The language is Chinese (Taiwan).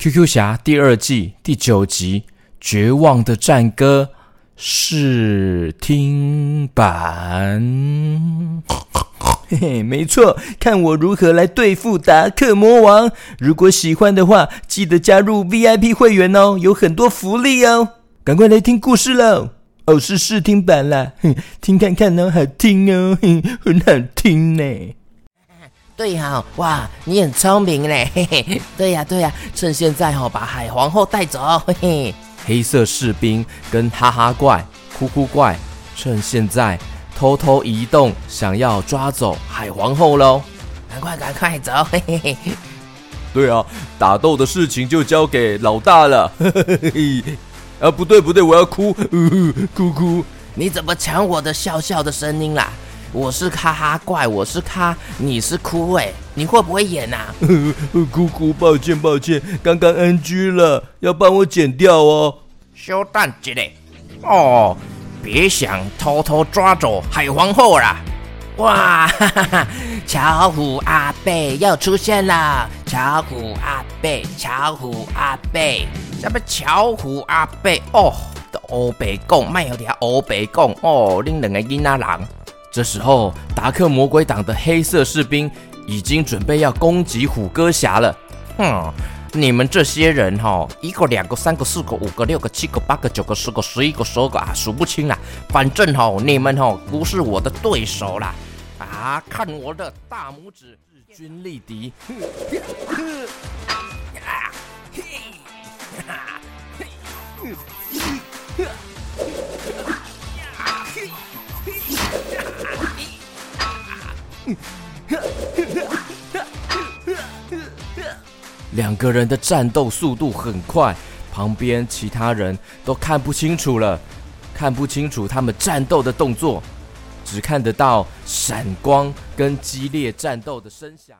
《Q Q 俠》第二季第九集《絕望的戰歌》試聽版。嘿嘿，沒錯，看我如何來對付達克魔王！如果喜歡的話，記得加入 V I P 會員哦，有很多福利哦。趕快來聽故事嘍！哦，是試聽版啦，聽看看哦，好聽哦，很好聽呢。對哈、啊、哇，你很聰明嘞，嘿嘿。對呀、啊、對呀、啊，趁現在、哦、把海皇后帶走，嘿嘿。黑色士兵跟哈哈怪、哭哭怪，趁現在偷偷移動，想要抓走海皇后嘍！趕快趕快走，嘿嘿嘿。對啊，打鬥的事情就交給老大了，嘿嘿嘿嘿。啊，不對不對，我要哭，嗚、呃、哭哭，哭你怎麼搶我的笑笑的聲音啦、啊？我是哈哈怪，我是卡，你是哭喂、欸，你會不會演吶、啊？姑姑、呃呃，抱歉抱歉，抱歉，剛剛 NG 了，要幫我剪掉哦。少等一下哦，別想偷偷抓走海皇後啦！哇哈哈哈！巧虎阿貝要出現啦！巧虎阿貝，巧虎阿貝，什麼巧虎阿貝哦？都歐白講，賣有條歐白講哦，恁兩個囡仔郎這時候，達克魔鬼黨的黑色士兵已經準備要攻擊虎哥俠了。哼，你們這些人哈、哦，一個、兩個、三個、四個、五個、六個、七個、八個、九個、十個、十一個、十二個、十個啊，數不清了。反正哈、哦，你們哈、哦，不是我的對手了。啊，看我的大拇指，勢均力敵。兩個人的戰鬥速度很快，旁邊其他人都看不清楚了，看不清楚他們戰鬥的動作，只看得到閃光跟激烈戰鬥的聲響。